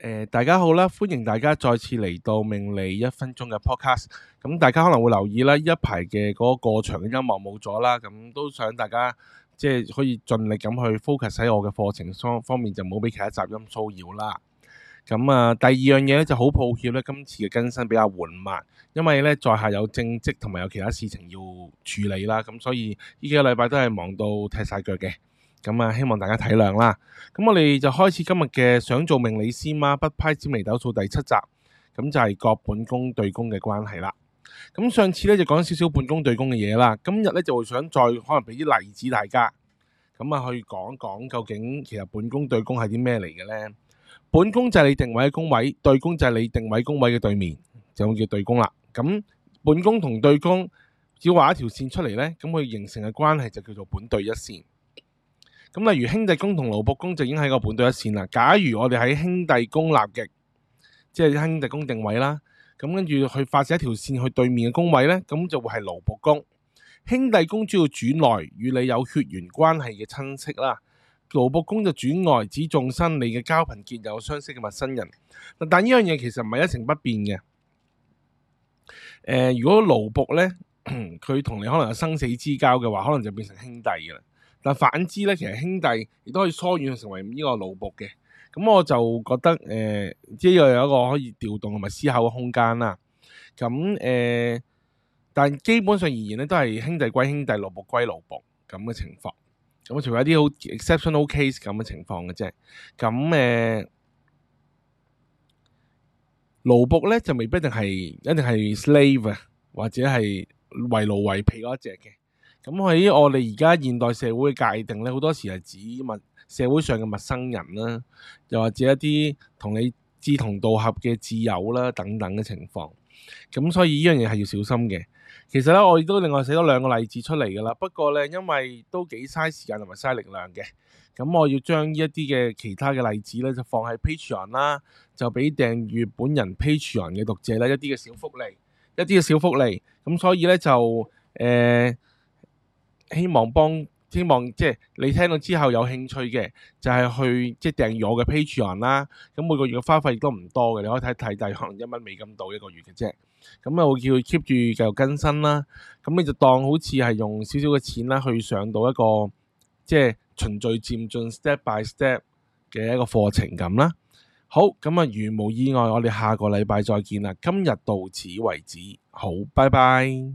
呃、大家好啦，歡迎大家再次嚟到命理一分鐘嘅 podcast。咁大家可能會留意啦，一排嘅嗰個長嘅音樂冇咗啦，咁都想大家即係可以盡力咁去 focus，喺我嘅課程方方面就唔好俾其他雜音騷擾啦。咁啊，第二樣嘢咧就好抱歉咧，今次嘅更新比較緩慢，因為咧在下有正職同埋有其他事情要處理啦，咁所以呢幾個禮拜都係忙到踢晒腳嘅。咁啊，希望大家體諒啦。咁我哋就開始今日嘅想做命理師嗎？北派紫微斗數第七集，咁就係各本宮對宮嘅關係啦。咁上次咧就講少少本宮對宮嘅嘢啦，今日咧就會想再可能俾啲例子大家咁啊，去講講究竟其實本宮對宮係啲咩嚟嘅呢？本宮就係你定位嘅宮位，對宮就係你定位宮位嘅對面，就咁叫做對宮啦。咁本宮同對宮只要畫一條線出嚟呢，咁佢形成嘅關係就叫做本對一線。咁例如兄弟宮同奴僕宮就已經喺個本對一線啦。假如我哋喺兄弟宮立極，即係兄弟宮定位啦，咁跟住去發射一條線去對面嘅宮位呢，咁就會係奴僕宮。兄弟宮主要主內與你有血緣關係嘅親戚啦，奴僕宮就主外，指眾生你嘅交朋結友相識嘅陌生人。但呢樣嘢其實唔係一成不變嘅。誒，如果奴僕呢，佢同你可能有生死之交嘅話，可能就變成兄弟嘅啦。但反之咧，其實兄弟亦都可以疏遠成為呢個奴僕嘅。咁我就覺得，誒、呃，即係有有一個可以調動同埋思考嘅空間啦。咁誒、呃，但基本上而言咧，都係兄弟歸兄弟，奴僕歸奴僕咁嘅情況。咁除非一啲好 exceptional case 咁嘅情況嘅啫。咁誒，奴僕咧就未必定係一定係一定係 slave 啊，或者係為奴為婢嗰一隻嘅。咁喺我哋而家現代社會嘅界定咧，好多時係指物社會上嘅陌生人啦，又或者一啲同你志同道合嘅摯友啦等等嘅情況。咁所以呢樣嘢係要小心嘅。其實咧，我亦都另外寫咗兩個例子出嚟噶啦。不過咧，因為都幾嘥時間同埋嘥力量嘅，咁我要將呢一啲嘅其他嘅例子咧，就放喺 Patreon 啦，就俾訂閱本人 Patreon 嘅讀者咧一啲嘅小福利，一啲嘅小福利。咁所以咧就誒。呃希望幫希望即係你聽到之後有興趣嘅，就係、是、去即係訂閱我嘅 Patreon 啦。咁每個月嘅花費亦都唔多嘅，你可以睇睇，大概可能一蚊美金到一個月嘅啫。咁啊，我叫佢 keep 住繼續更新啦。咁你就當好似係用少少嘅錢啦，去上到一個即係循序漸進，step by step 嘅一個課程咁啦。好，咁啊，如無意外，我哋下個禮拜再見啦。今日到此為止，好，拜拜。